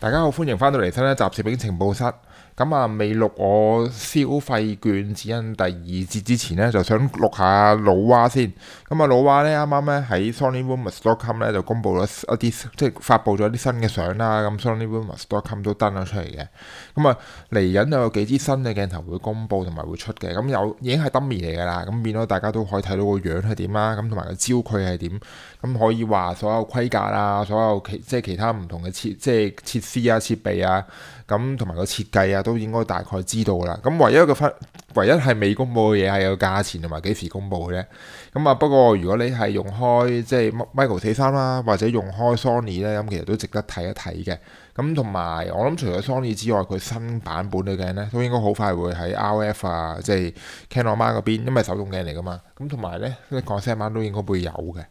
大家好，歡迎翻到嚟新一集攝影情報室。咁啊，未錄我消費券指引第二節之前呢，就想錄下老蛙先。咁啊，老蛙呢，啱啱呢，喺 SonyRumors.com 呢，就公布咗一啲，即係發布咗一啲新嘅相啦。咁 SonyRumors.com 都登咗出嚟嘅。咁啊，嚟緊又有幾支新嘅鏡頭會公布同埋會出嘅。咁有已經係 dummy 嚟噶啦。咁變咗大家都可以睇到個樣係點啦。咁同埋個焦距係點。咁可以話所有規格啦、啊，所有其即係其他唔同嘅設即係設。C 啊設備啊，咁同埋個設計啊，都應該大概知道啦。咁、啊、唯一一個分，唯一係未公佈嘅嘢係有價錢同埋幾時公佈嘅。咁啊，不過如果你係用開即係 Micro 四三、啊、啦，或者用開 Sony 咧，咁其實都值得睇一睇嘅。咁同埋我諗，除咗 Sony 之外，佢新版本嘅鏡咧，都應該好快會喺 RF 啊，即係 Canon 啊嗰邊，因為手動鏡嚟噶嘛。咁同埋咧 g l 晚都應該會有嘅。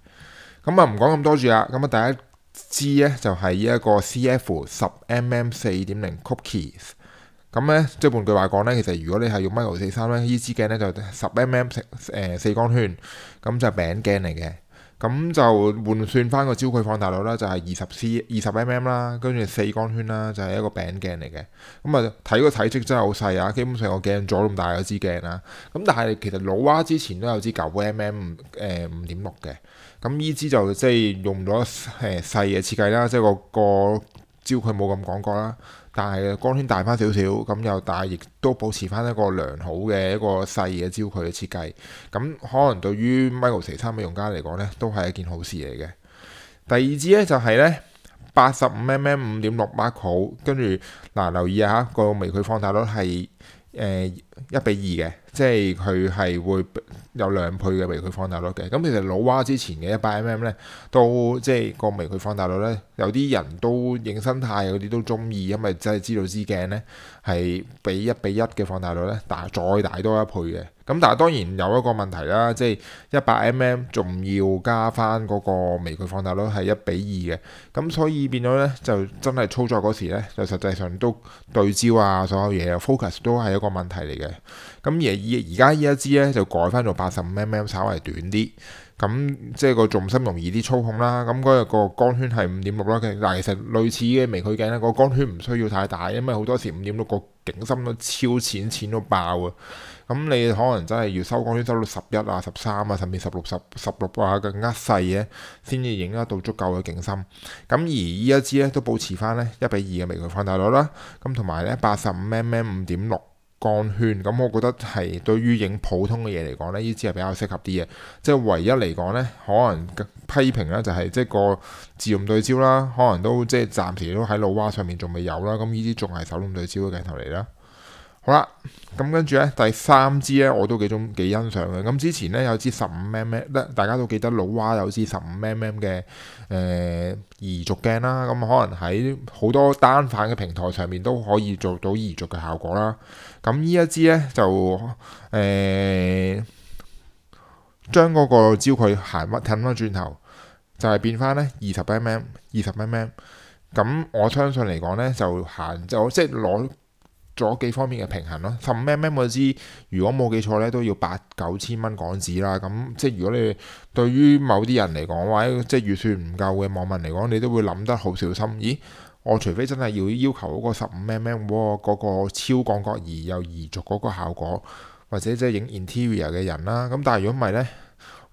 咁啊，唔講咁多住啦。咁啊，第一。支咧就係、是、呢一個 CF 十 mm 四點零 cookies，咁咧，即換句話講咧，其實如果你係用 Micro 四三咧，呢支鏡咧就十 mm 誒四光圈，咁就係餅鏡嚟嘅。咁就換算返個焦距放大率啦，就係二十 c 二十 mm 啦，跟住四光圈啦，就係、是、一個餅鏡嚟嘅。咁啊，睇個體積真係好細啊，基本上我鏡咗咁大嗰支鏡啦、啊。咁但係其實老蛙之前都有支九 mm 誒五點六嘅，咁呢支就即係用咗到誒細嘅設計啦，即係個個焦距冇咁廣角啦。但係光圈大翻少少，咁又大，亦都保持翻一個良好嘅一個細嘅焦距嘅設計，咁、嗯、可能對於 micro 四三嘅用家嚟講呢，都係一件好事嚟嘅。第二支呢，就係、是、呢，八十五 mm 五點六八口，跟住嗱留意下，個微距放大率係誒一比二嘅。呃即係佢係會有兩倍嘅微距放大率嘅，咁其實老蛙之前嘅一百 mm 咧，都即係個微距放大率咧，有啲人都影生態嗰啲都中意，因為真係知道支鏡咧係比一比一嘅放大率咧，大再大多一倍嘅，咁但係當然有一個問題啦，即係一百 mm 仲要加返嗰個微距放大率係一比二嘅，咁所以變咗咧就真係操作嗰時咧，就實際上都對焦啊所有嘢 focus 都係一個問題嚟嘅。咁而而家呢一支咧就改翻做八十五 mm，稍微短啲，咁即係個重心容易啲操控啦。咁嗰個光圈係五點六啦，但其實類似嘅微距鏡呢，個光圈唔需要太大，因為好多時五點六個景深都超淺，淺到爆啊！咁你可能真係要收光圈收到十一啊、十三啊，甚至十六、啊、十十六啊更加細嘅，先至影得到足夠嘅景深。咁而一呢一支咧都保持翻咧一比二嘅微距放大率啦，咁同埋咧八十五 mm 五點六，光圈咁，我覺得係對於影普通嘅嘢嚟講呢，呢支係比較適合啲嘅。即係唯一嚟講呢，可能批評咧就係、是、即係個自動對焦啦，可能都即係暫時都喺老蛙上面仲未有啦。咁呢啲仲係手動對焦嘅鏡頭嚟啦。好啦，咁跟住咧第三支咧，我都幾中幾欣賞嘅。咁之前咧有支十五 mm，咧大家都記得老蛙有支十五 mm 嘅誒、呃、移軸鏡啦。咁可能喺好多單反嘅平台上面都可以做到移軸嘅效果啦。咁呢一支咧就誒、呃、將嗰個焦距行乜褪翻轉頭，就係、是、變翻咧二十 mm、二十 mm。咁我相信嚟講咧就行就即係攞。咗幾方面嘅平衡咯，十五 M M 我知，如果冇記錯咧都要八九千蚊港紙啦。咁即係如果你對於某啲人嚟講，話即係預算唔夠嘅網民嚟講，你都會諗得好小心。咦，我除非真係要要求嗰個十五 M M，嗰個超廣角而又移軸嗰個效果，或者即係影 interior 嘅人啦。咁但係如果唔係呢，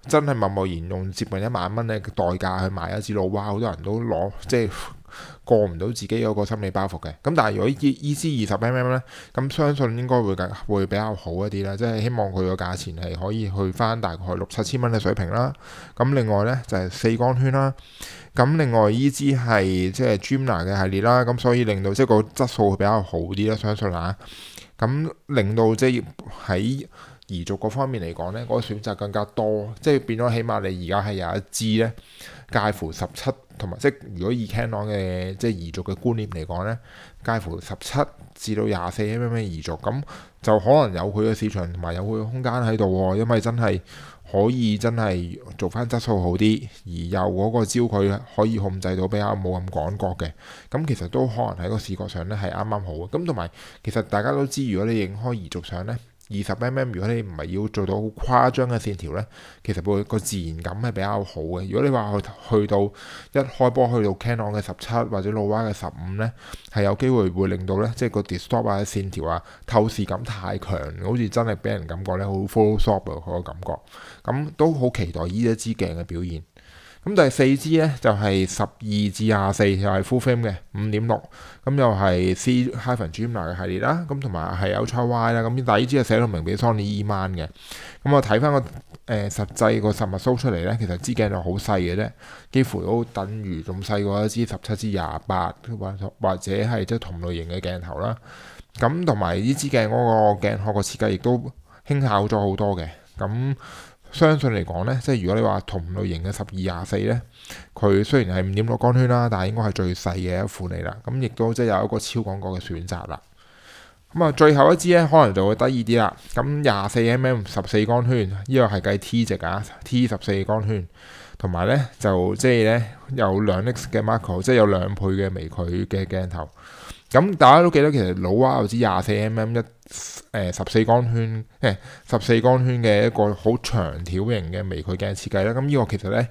真係默默然用接近一萬蚊咧代價去買一支老蛙，好多人都攞即係。過唔到自己嗰個心理包袱嘅，咁但係如果依支二十 mm 咧，咁相信應該會會比較好一啲啦，即係希望佢個價錢係可以去翻大概六七千蚊嘅水平啦。咁另外咧就係、是、四光圈啦，咁另外依支係即係 Gimbal 嘅系列啦，咁所以令到即係個質素會比較好啲啦，相信吓。咁令到即係喺移軸嗰方面嚟講咧，我、那個、選擇更加多，即係變咗起碼你而家係有一支咧。介乎十七同埋，即係如果以 Canon 嘅即係移軸嘅觀念嚟講呢，介乎十七至到廿四 mm 移軸，咁就可能有佢嘅市場同埋有佢嘅空間喺度，因為真係可以真係做翻質素好啲，而又嗰個焦距可以控制到比較冇咁廣角嘅，咁其實都可能喺個視覺上呢，係啱啱好。咁同埋其實大家都知，如果你影開移軸相呢。二十 mm，如果你唔係要做到好誇張嘅線條呢，其實會個自然感係比較好嘅。如果你話去去到一開波去到 Canon 嘅十七或者 LAOWA 嘅十五呢，係有機會會會令到呢即係個 distort 啊、線條啊、透視感太強，好似真係俾人感覺呢好 Photoshop 嘅嗰個感覺。咁都好期待呢一支鏡嘅表現。咁第四支咧就係十二至廿四又係 full frame 嘅五點六，咁又係 C-hyphen-Dreamer 嘅系列啦，咁同埋係 Ultra Y 啦、e，咁但係呢支又寫到明俾 Sony E-Mount 嘅，咁我睇翻個誒、呃、實際個實物 show 出嚟咧，其實支鏡就好細嘅啫，幾乎都等於咁細過一支十七至廿八，或或者係即係同類型嘅鏡頭啦。咁同埋呢支鏡嗰個鏡殼個設計亦都輕巧咗好多嘅，咁。相信嚟講咧，即係如果你話同類型嘅十二廿四咧，佢雖然係五點六光圈啦，但係應該係最細嘅一款嚟啦。咁亦都即係有一個超廣角嘅選擇啦。咁啊，最後一支咧，可能就會得意啲啦。咁廿四 mm 十四光圈，呢個係計 T 值啊，T 十四光圈，同埋咧就即係咧有兩 X 嘅 macro，即係有兩倍嘅微距嘅鏡頭。咁、嗯、大家都記得，其實老蛙有支廿四 mm 一誒十四光圈嘅十四光圈嘅一個好長條型嘅微距鏡設計啦。咁、嗯、呢、這個其實咧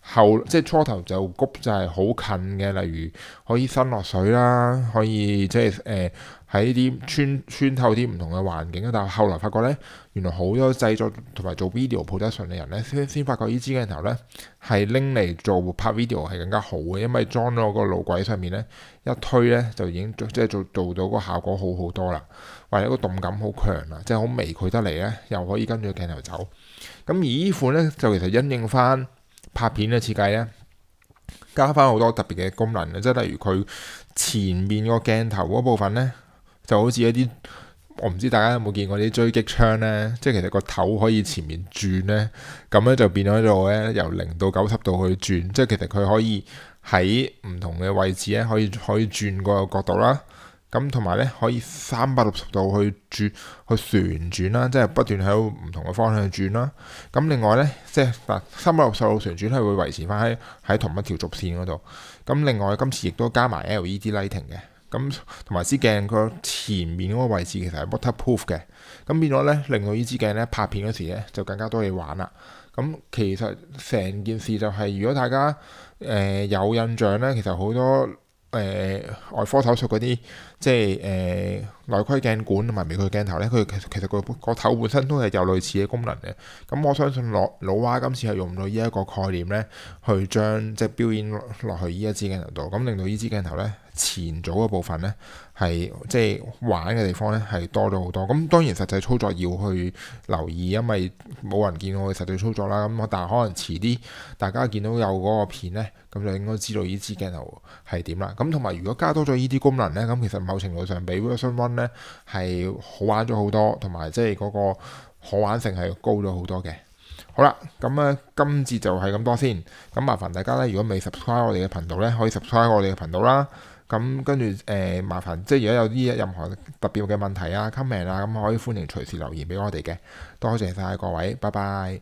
後即係初頭就谷，就係好近嘅，例如可以伸落水啦，可以即係誒。呃喺啲穿穿透啲唔同嘅環境，但係後來發覺咧，原來好多製作同埋做 video production 嘅人咧，先先發覺支鏡呢支鏡頭咧係拎嚟做拍 video 係更加好嘅，因為裝咗個路軌上面咧，一推咧就已經即係做做到個效果好好多啦，或者個動感好強啦，即係好微距得嚟咧，又可以跟住鏡頭走。咁而款呢款咧就其實因應翻拍片嘅設計咧，加翻好多特別嘅功能嘅，即係例如佢前面個鏡頭嗰部分咧。就好似一啲我唔知大家有冇見過啲狙擊槍咧，即係其實個頭可以前面轉咧，咁咧就變咗喺度咧由零到九十度去轉，即係其實佢可以喺唔同嘅位置咧可以可以轉個角度啦。咁同埋咧可以三百六十度去轉去旋轉啦，即係不斷喺唔同嘅方向轉啦。咁另外咧即係嗱三百六十度旋轉係會維持返喺喺同一條軸線嗰度。咁另外今次亦都加埋 LED lighting 嘅。咁同埋支鏡個前面嗰個位置其實係 waterproof 嘅，咁變咗咧，令到呢支鏡咧拍片嗰時咧就更加多嘢玩啦。咁其實成件事就係、是，如果大家誒、呃、有印象咧，其實好多誒、呃、外科手術嗰啲，即係誒內窺鏡管同埋微距鏡頭咧，佢其實其實個個頭本身都係有類似嘅功能嘅。咁我相信諾老蛙今次係用到呢一個概念咧，去將即係表演落去呢一支鏡頭度，咁令到呢支鏡頭咧。前組嘅部分咧，係即係玩嘅地方咧，係多咗好多。咁當然實際操作要去留意，因為冇人見我嘅實際操作啦。咁但係可能遲啲大家見到有嗰個片咧，咁就應該知道呢支鏡頭係點啦。咁同埋如果加多咗呢啲功能咧，咁其實某程度上比 Version One 咧係好玩咗好多，同埋即係嗰個可玩性係高咗好多嘅。好啦，咁啊今次就係咁多先。咁麻煩大家咧，如果未 subscribe 我哋嘅頻道咧，可以 subscribe 我哋嘅頻道啦。咁跟住誒、呃，麻煩即係如果有啲任何特別嘅問題啊、comment 啊，咁可以歡迎隨時留言畀我哋嘅。多謝晒各位，拜拜。